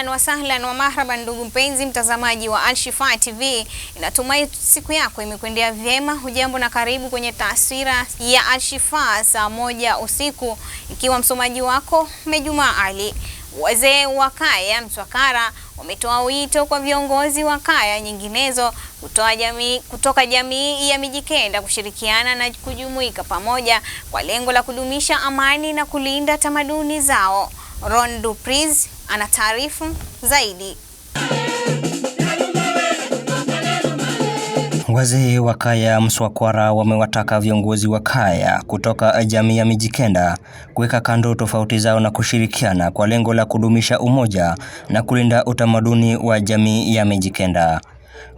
Ahlan wasahlan wa marhaba, ndugu mpenzi mtazamaji wa Alshifa TV, natumai siku yako imekwendea vyema. Hujambo na karibu kwenye taswira ya Alshifaa saa moja usiku, ikiwa msomaji wako Mejuma Ali. Wazee wa kaya Mtwakara wametoa wito kwa viongozi wa kaya nyinginezo kutoa jamii, kutoka jamii ya Mijikenda kushirikiana na kujumuika pamoja kwa lengo la kudumisha amani na kulinda tamaduni zao. Ron Dupriz ana taarifu zaidi. Wazee wa kaya Mswakwara wamewataka viongozi wa kaya kutoka jamii ya Mijikenda kuweka kando tofauti zao na kushirikiana kwa lengo la kudumisha umoja na kulinda utamaduni wa jamii ya Mijikenda.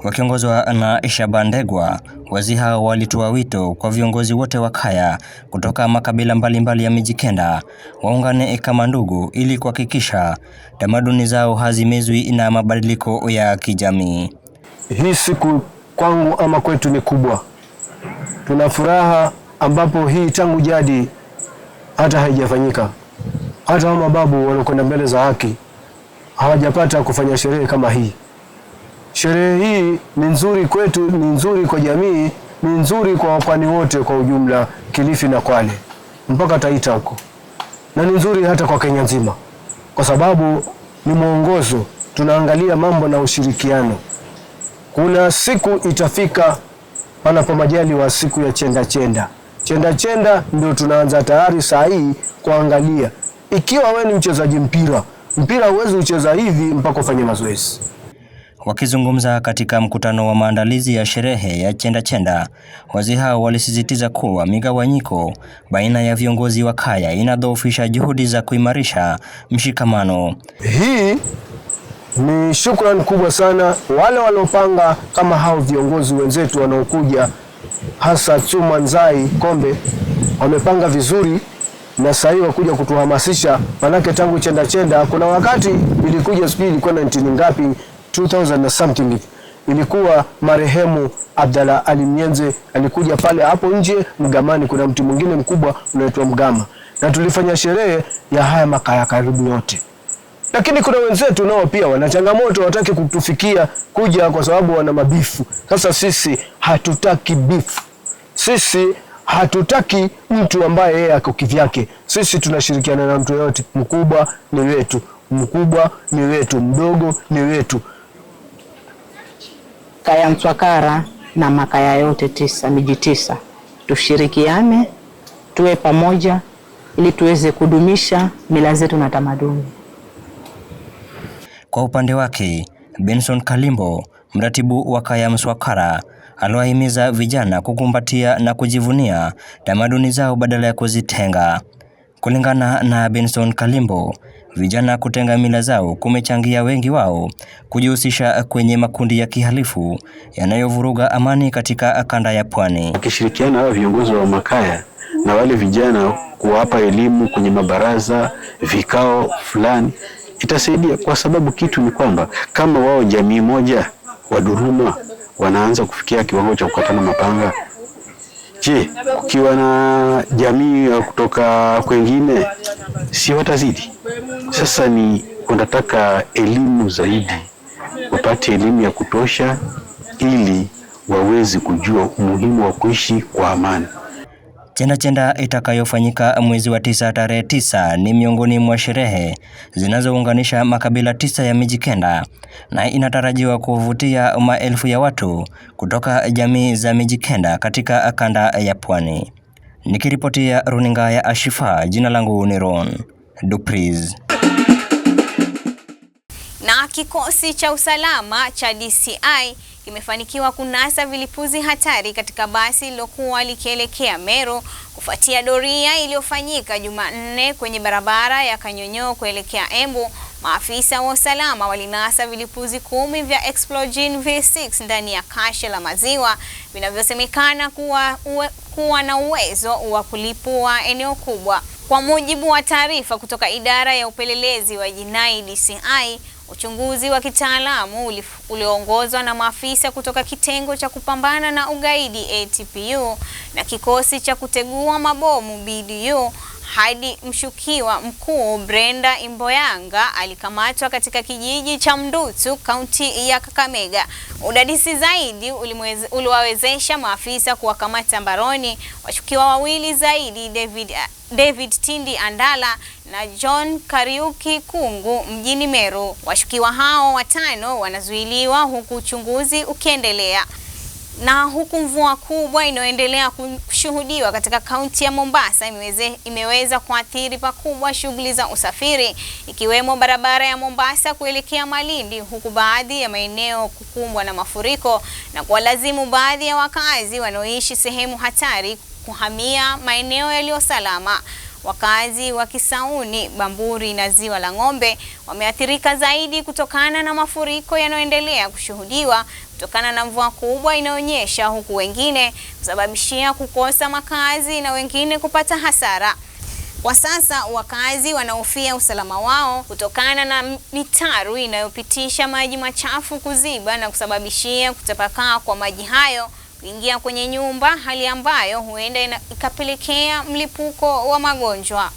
Wakiongozwa na Isha Bandegwa, wazee hao walitoa wito kwa viongozi wote wa kaya kutoka makabila mbalimbali mbali ya Mijikenda waungane kama ndugu ili kuhakikisha tamaduni zao hazimezwi na mabadiliko ya kijamii. Hii siku kwangu ama kwetu ni kubwa, tuna furaha ambapo hii tangu jadi hata haijafanyika. Hata mababu walokwenda mbele za haki hawajapata kufanya sherehe kama hii. Sherehe hii ni nzuri kwetu, ni nzuri kwa jamii, ni nzuri kwa wapwani wote kwa ujumla, Kilifi na Kwale mpaka Taita huko, na ni nzuri hata kwa Kenya nzima, kwa sababu ni mwongozo. Tunaangalia mambo na ushirikiano. Kuna siku itafika, panapo wa siku ya chenda chenda chenda chenda, ndio tunaanza tayari saa hii kuangalia. Ikiwa wewe ni mchezaji mpira, mpira huwezi ucheza hivi mpaka ufanye mazoezi. Wakizungumza katika mkutano wa maandalizi ya sherehe ya Chenda Chenda, wazee hao walisisitiza kuwa migawanyiko baina ya viongozi wa kaya inadhoofisha juhudi za kuimarisha mshikamano. Hii ni shukrani kubwa sana wale waliopanga kama hao viongozi wenzetu wanaokuja, hasa Chuma Nzai Kombe wamepanga vizuri na sahii wakuja kutuhamasisha, manake tangu Chenda Chenda kuna wakati ilikuja sijui ilikuwa na ngapi 2000 na something ilikuwa marehemu Abdalla Ali Mnyenze alikuja pale hapo nje Mgamani, kuna mti mwingine mkubwa unaitwa Mgama, na tulifanya sherehe ya haya makaya karibu yote, lakini kuna wenzetu nao pia wana changamoto, wataki kutufikia kuja kwa sababu wana mabifu. Sasa sisi hatutaki bifu, sisi hatutaki mtu ambaye yeye ako kivyake. Sisi tunashirikiana na mtu yoyote, mkubwa ni wetu, mkubwa ni wetu, mdogo ni wetu kaya Mtwakara na makaya yote tisa, miji tisa, tushirikiane tuwe pamoja ili tuweze kudumisha mila zetu na tamaduni. Kwa upande wake, Benson Kalimbo, mratibu wa kaya Mswakara, aliwahimiza vijana kukumbatia na kujivunia tamaduni zao badala ya kuzitenga. Kulingana na Benson Kalimbo, vijana kutenga mila zao kumechangia wengi wao kujihusisha kwenye makundi ya kihalifu yanayovuruga amani katika kanda ya Pwani. Wakishirikiana hao viongozi wa makaya na wale vijana kuwapa elimu kwenye mabaraza, vikao fulani, itasaidia kwa sababu kitu ni kwamba kama wao jamii moja waduruma wanaanza kufikia kiwango cha kukatana mapanga Je, ukiwa na jamii ya kutoka kwengine si watazidi? Sasa ni wanataka elimu zaidi, wapate elimu ya kutosha ili waweze kujua umuhimu wa kuishi kwa amani. Chenda Chenda itakayofanyika mwezi wa tisa tarehe tisa ni miongoni mwa sherehe zinazounganisha makabila tisa ya Mijikenda na inatarajiwa kuvutia maelfu ya watu kutoka jamii za Mijikenda katika kanda ya Pwani. Nikiripotia runinga ya Ashifa, jina langu ni Ron Dupris. Na kikosi cha usalama cha DCI imefanikiwa kunasa vilipuzi hatari katika basi lilokuwa likielekea Meru kufuatia doria iliyofanyika Jumanne kwenye barabara ya Kanyonyoo kuelekea Embu. Maafisa wa usalama walinasa vilipuzi kumi vya Explogen V6 ndani ya kasha la maziwa vinavyosemekana kuwa, kuwa na uwezo wa kulipua eneo kubwa. Kwa mujibu wa taarifa kutoka idara ya upelelezi wa jinai DCI, Uchunguzi wa kitaalamu ulioongozwa na maafisa kutoka kitengo cha kupambana na ugaidi ATPU na kikosi cha kutegua mabomu BDU hadi mshukiwa mkuu Brenda Imboyanga alikamatwa katika kijiji cha Mndutu, kaunti ya Kakamega. Udadisi zaidi uliwawezesha maafisa kuwakamata mbaroni washukiwa wawili zaidi, David, David Tindi Andala na John Kariuki Kungu mjini Meru. Washukiwa hao watano wanazuiliwa huku uchunguzi ukiendelea. Na huku mvua kubwa inayoendelea kushuhudiwa katika kaunti ya Mombasa imeweze, imeweza kuathiri pakubwa shughuli za usafiri ikiwemo barabara ya Mombasa kuelekea Malindi, huku baadhi ya maeneo kukumbwa na mafuriko na kuwalazimu baadhi ya wakazi wanaoishi sehemu hatari kuhamia maeneo yaliyo salama. Wakazi wa Kisauni, Bamburi na Ziwa la Ng'ombe wameathirika zaidi kutokana na mafuriko yanayoendelea kushuhudiwa kutokana na mvua kubwa inayonyesha, huku wengine kusababishia kukosa makazi na wengine kupata hasara. Kwa sasa wakazi wanahofia usalama wao kutokana na mitaru inayopitisha maji machafu kuziba na kusababishia kutapakaa kwa maji hayo kuingia kwenye nyumba, hali ambayo huenda ikapelekea mlipuko wa magonjwa.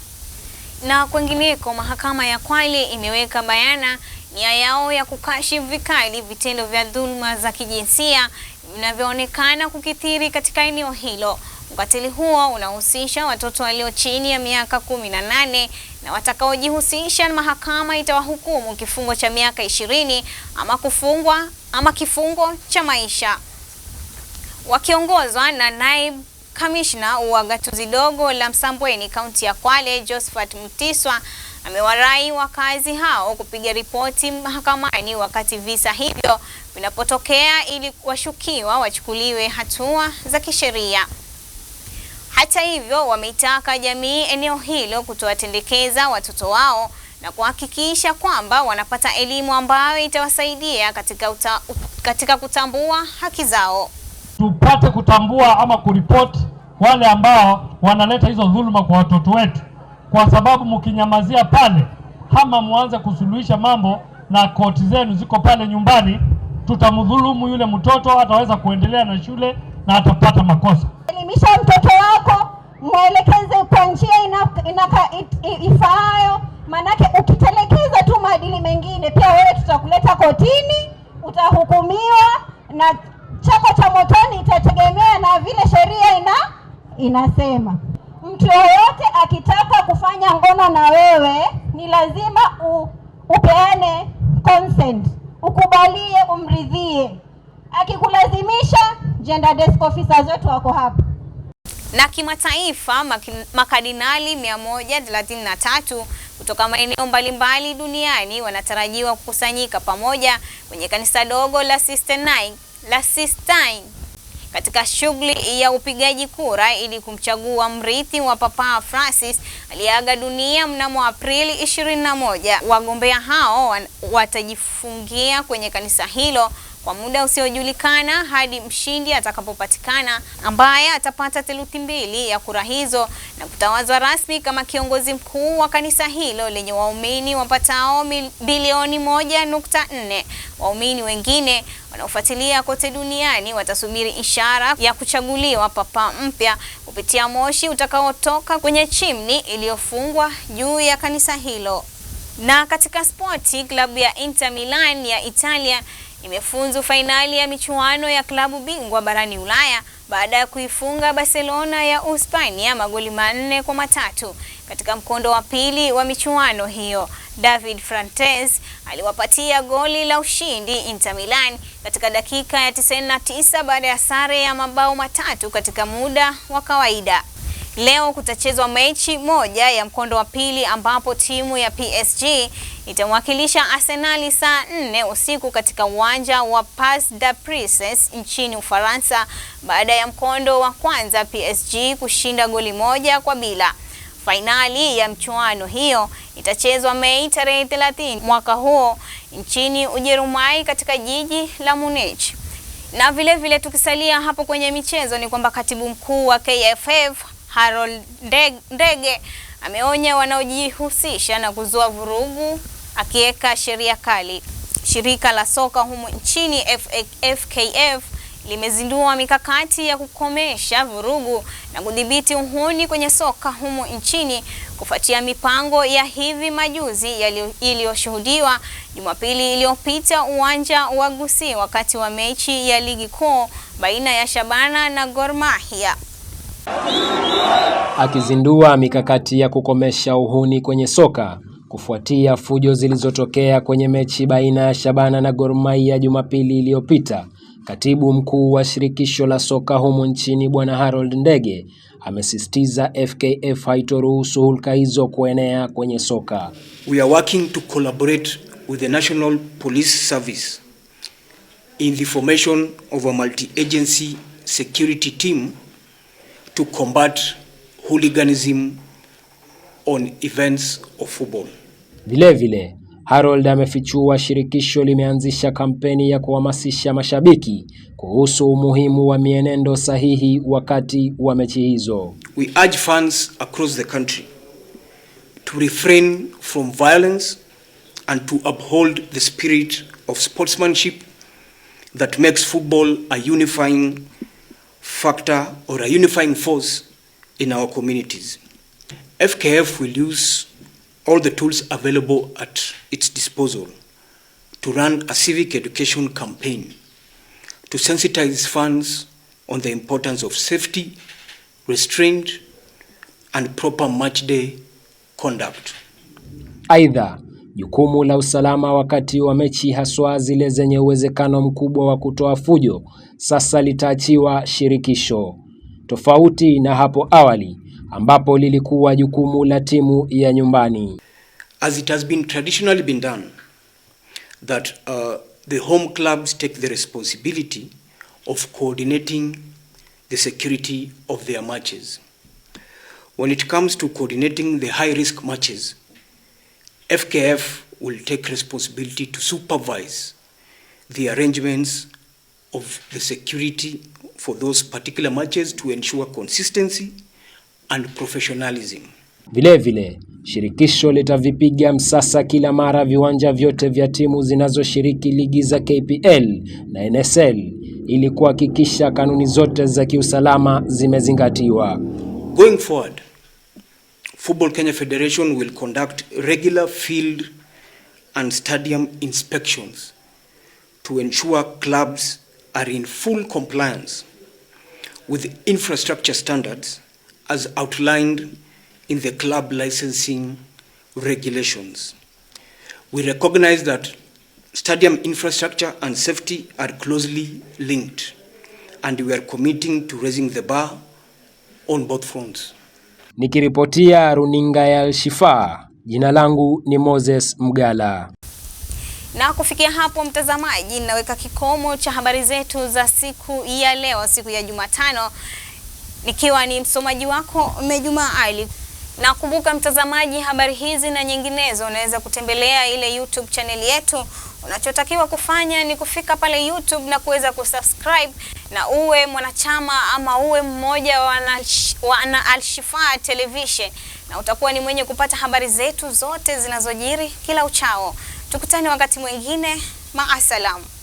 Na kwengineko, mahakama ya Kwale imeweka bayana nia yao ya kukashifu vikali vitendo vya dhuluma za kijinsia vinavyoonekana kukithiri katika eneo hilo. Ukatili huo unahusisha watoto walio chini ya miaka kumi na nane na watakaojihusisha, mahakama itawahukumu kifungo cha miaka ishirini ama kufungwa ama kifungo cha maisha wakiongozwa na naibu kamishna wa gatuzi dogo la Msambweni kaunti ya Kwale Josephat mtiswa amewarai wakazi hao kupiga ripoti mahakamani wakati visa hivyo vinapotokea ili washukiwa wachukuliwe hatua za kisheria. Hata hivyo, wameitaka jamii eneo hilo kutowatendekeza watoto wao na kuhakikisha kwamba wanapata elimu ambayo itawasaidia katika, uta, katika kutambua haki zao tupate kutambua ama kuripoti wale ambao wanaleta hizo dhuluma kwa watoto wetu, kwa sababu mkinyamazia pale ama mwanze kusuluhisha mambo na koti zenu ziko pale nyumbani, tutamdhulumu yule mtoto, ataweza kuendelea na shule na atapata makosa. Elimisha mtoto wako, mwelekeze kwa njia ifaayo, maanake ukitelekeza tu maadili mengine, pia wewe tutakuleta kotini, utahukumiwa na chako cha motoni itategemea na vile sheria ina inasema. Mtu yoyote akitaka kufanya ngono na wewe ni lazima u, upeane consent, ukubalie, umridhie. Akikulazimisha, gender desk officers wetu wako hapa na kimataifa makadinali 133 kutoka maeneo mbalimbali duniani wanatarajiwa kukusanyika pamoja kwenye kanisa dogo la Sisters Nine la Sistine katika shughuli ya upigaji kura ili kumchagua mrithi wa Papa Francis aliyeaga dunia mnamo Aprili 21. Wagombea hao watajifungia kwenye kanisa hilo kwa muda usiojulikana hadi mshindi atakapopatikana ambaye atapata theluthi mbili ya kura hizo na kutawazwa rasmi kama kiongozi mkuu wa kanisa hilo lenye waumini wapatao bilioni moja nukta nne. Waumini wengine wanaofuatilia kote duniani watasubiri ishara ya kuchaguliwa papa mpya kupitia moshi utakaotoka kwenye chimni iliyofungwa juu ya kanisa hilo. Na katika spoti, klabu ya Inter Milan ya Italia imefunzu fainali ya michuano ya klabu bingwa barani Ulaya baada ya kuifunga Barcelona ya Uhispania magoli manne kwa matatu katika mkondo wa pili wa michuano hiyo. David Frantes aliwapatia goli la ushindi Inter Milan katika dakika ya 99 baada ya sare ya mabao matatu katika muda wa kawaida. Leo kutachezwa mechi moja ya mkondo wa pili ambapo timu ya PSG itamwakilisha Arsenal saa nne usiku katika uwanja wa Parc des Princes nchini Ufaransa baada ya mkondo wa kwanza PSG kushinda goli moja kwa bila. Fainali ya mchuano hiyo itachezwa Mei tarehe 30 mwaka huo nchini Ujerumani katika jiji la Munich. Na vilevile vile tukisalia hapo kwenye michezo ni kwamba katibu mkuu wa KFF Harold Ndege ameonya wanaojihusisha na kuzua vurugu akiweka sheria kali. Shirika la soka humu nchini FKF limezindua mikakati ya kukomesha vurugu na kudhibiti uhuni kwenye soka humu nchini kufuatia mipango ya hivi majuzi iliyoshuhudiwa Jumapili iliyopita uwanja wa Gusii wakati wa mechi ya Ligi Kuu baina ya Shabana na Gor Mahia akizindua mikakati ya kukomesha uhuni kwenye soka kufuatia fujo zilizotokea kwenye mechi baina ya Shabana na Gor Mahia Jumapili iliyopita. Katibu mkuu wa shirikisho la soka humo nchini Bwana Harold Ndege amesisitiza FKF haitoruhusu hulka hizo kuenea kwenye soka. We are working to collaborate with the National Police Service in the formation of a multi-agency security team to combat hooliganism on events of football. Vile vile, Harold amefichua shirikisho limeanzisha kampeni ya kuhamasisha mashabiki kuhusu umuhimu wa mienendo sahihi wakati wa mechi hizo. We urge fans across the country to refrain from violence and to uphold the spirit of sportsmanship that makes football a unifying factor or a unifying force in our communities. FKF will use all the tools available at its disposal to run a civic education campaign to sensitize fans on the importance of safety, restraint, and proper match day conduct. either Jukumu la usalama wakati wa mechi, haswa zile zenye uwezekano mkubwa wa kutoa fujo, sasa litaachiwa shirikisho, tofauti na hapo awali ambapo lilikuwa jukumu la timu ya nyumbani. As it has been traditionally been done that uh, the home clubs take the responsibility of coordinating the security of their matches. When it comes to coordinating the high risk matches FKF will take responsibility to supervise the arrangements of the security for those particular matches to ensure consistency and professionalism. Vile vile, shirikisho litavipiga msasa kila mara viwanja vyote vya timu zinazoshiriki ligi za KPL na NSL ili kuhakikisha kanuni zote za kiusalama zimezingatiwa. Going forward, Football Kenya Federation will conduct regular field and stadium inspections to ensure clubs are in full compliance with infrastructure standards as outlined in the club licensing regulations. We recognize that stadium infrastructure and safety are closely linked, and we are committing to raising the bar on both fronts. Nikiripotia runinga ya Alshifaa, jina langu ni Moses Mgala. Na kufikia hapo mtazamaji, naweka kikomo cha habari zetu za siku ya leo, siku ya Jumatano, nikiwa ni msomaji wako Mejuma Ali. Na kumbuka mtazamaji, habari hizi na nyinginezo unaweza kutembelea ile YouTube chaneli yetu Unachotakiwa kufanya ni kufika pale YouTube na kuweza kusubscribe na uwe mwanachama ama uwe mmoja wa wana Alshifa Television, na utakuwa ni mwenye kupata habari zetu zote zinazojiri kila uchao. Tukutane wakati mwingine, maasalamu.